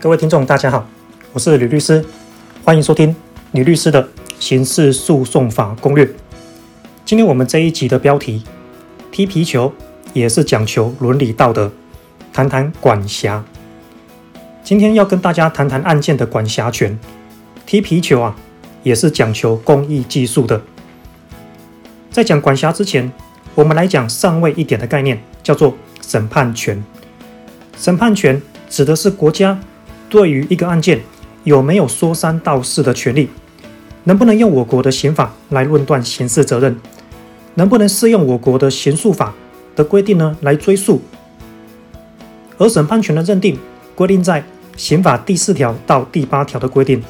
各位聽眾，大家好，我是呂律師，歡迎收聽呂律師的《刑事訴訟法攻略》。今天我們這一集的標題“踢皮球”也是講求倫理道德，談談管轄。今天要跟大家談談案件的管轄權。踢皮球啊，也是講求工藝技術的。在講管轄之前，我們來講上位一點的概念，叫做審判權。審判權指的是國家。對於一個案件，有沒有說三道四的權利？能不能用我國的刑法來論斷刑事責任？能不能適用我國的刑訴法的規定呢？來追訴。而審判權的認定規定在刑法第四條到第八條的規定，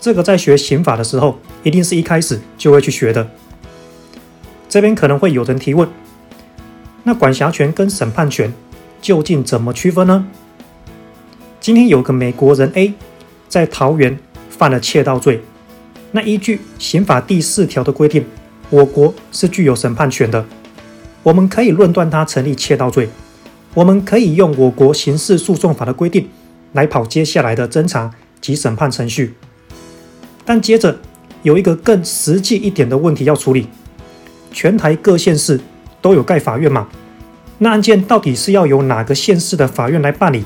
這個在學刑法的時候，一定是一開始就會去學的。這邊可能會有人提問，那管轄權跟審判權究竟怎麼區分呢？今天有個美國人 A 在桃園犯了竊盜罪，那依據刑法第四條的規定，我國是具有審判權的，我們可以論斷他成立竊盜罪，我們可以用我國刑事訴訟法的規定來跑接下來的偵查及審判程序。但接着有一個更實際一點的問題要處理：全台各縣市都有蓋法院嘛？那案件到底是要由哪個縣市的法院來辦理？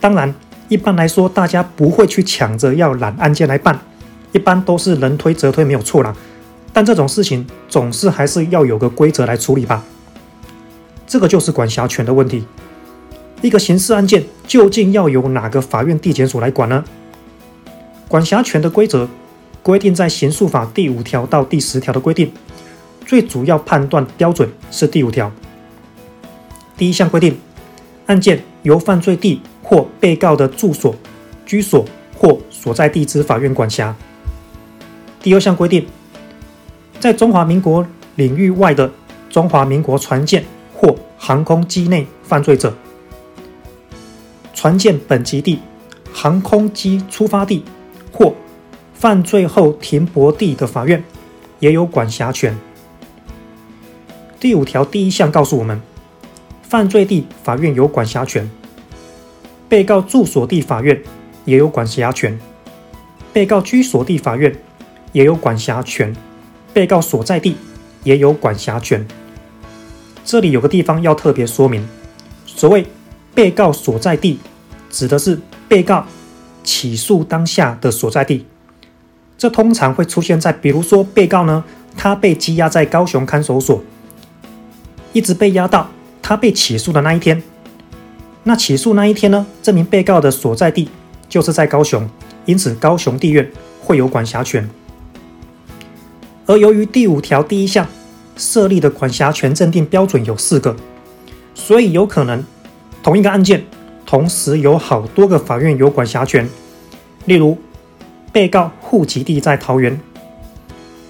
當然，一般來說，大家不會去搶着要攬案件來辦，一般都是能推則推，沒有錯啦。但這種事情總是還是要有個規則來處理吧？這個就是管轄權的問題。一個刑事案件究竟要由哪個法院、地檢署來管呢？管轄權的規則規定在刑訴法第五條到第十條的規定，最主要判斷標準是第五條第一項規定，案件由犯罪地。或被告的住所、居所、或所在地之法院管轄。第二項規定，在中華民國領域外的中華民國船艦或航空機內犯罪者，船艦本籍地、航空機出發地或犯罪後停泊地的法院也有管轄權。第五條第一項告訴我們，犯罪地法院有管轄權。被告住所地法院也有管轄權，被告居所地法院也有管轄權，被告所在地也有管轄權。這裡有個地方要特別說明，所謂被告所在地，指的是被告起訴當下的所在地。這通常會出現在，比如說被告呢，他被羈押在高雄看守所，一直被押到他被起訴的那一天。那起訴那一天呢，證明被告的所在地就是在高雄，因此高雄地院會有管轄權。而由於第五條第一項設立的管轄權認定標準有四個，所以有可能同一個案件同時有好多個法院有管轄權。例如，被告戶籍地在桃園，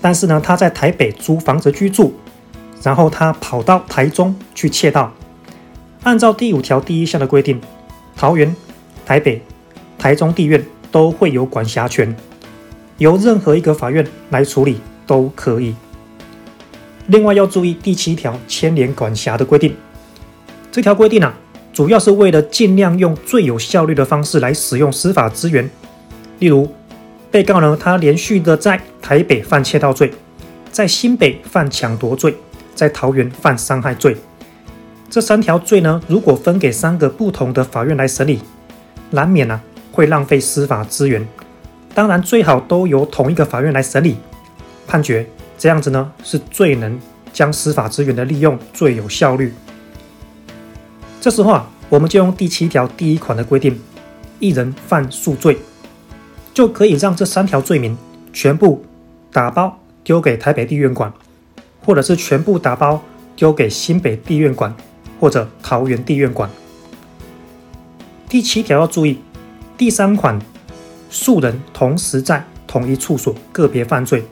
但是呢，他在台北租房子居住，然後他跑到台中去竊盜。按照第五條第一項的規定，桃園、台北、台中地院都會有管轄權，由任何一個法院來處理都可以。另外要注意第七條牽連管轄的規定，這條規定啊，主要是為了盡量用最有效率的方式來使用司法資源。例如，被告呢，他連續的在台北犯竊盜罪，在新北犯搶奪罪，在桃園犯傷害罪。這三條罪呢，如果分給三個不同的法院來審理，難免啊會浪費司法資源。當然，最好都由同一個法院來審理、判決，這樣子呢是最能將司法資源的利用最有效率。這時候啊，我們就用第七條第一款的規定，一人犯數罪，就可以讓這三條罪名全部打包丟給台北地院管，或者是全部打包丟給新北地院管。或者桃園地院管。第七條要注意，第三款，數人同時在同一處所個別犯罪，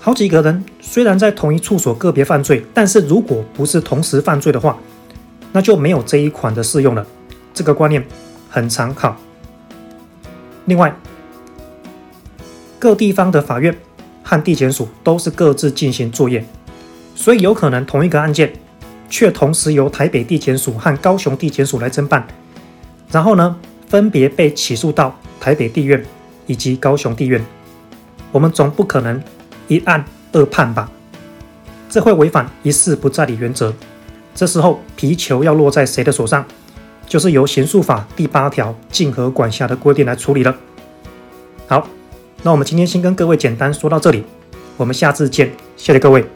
好幾個人雖然在同一處所個別犯罪，但是如果不是同時犯罪的話，那就沒有這一款的適用了。這個觀念很常考。另外，各地方的法院和地檢署都是各自進行作業，所以有可能同一個案件。卻同時由台北地檢署和高雄地檢署來偵辦，然後呢，分別被起訴到台北地院以及高雄地院。我們總不可能一案二判吧？這會違反一事不再理原則。這時候皮球要落在誰的手上，就是由刑訴法第八條競合管轄的規定來處理了。好，那我們今天先跟各位簡單說到這裡，我們下次見，謝謝各位。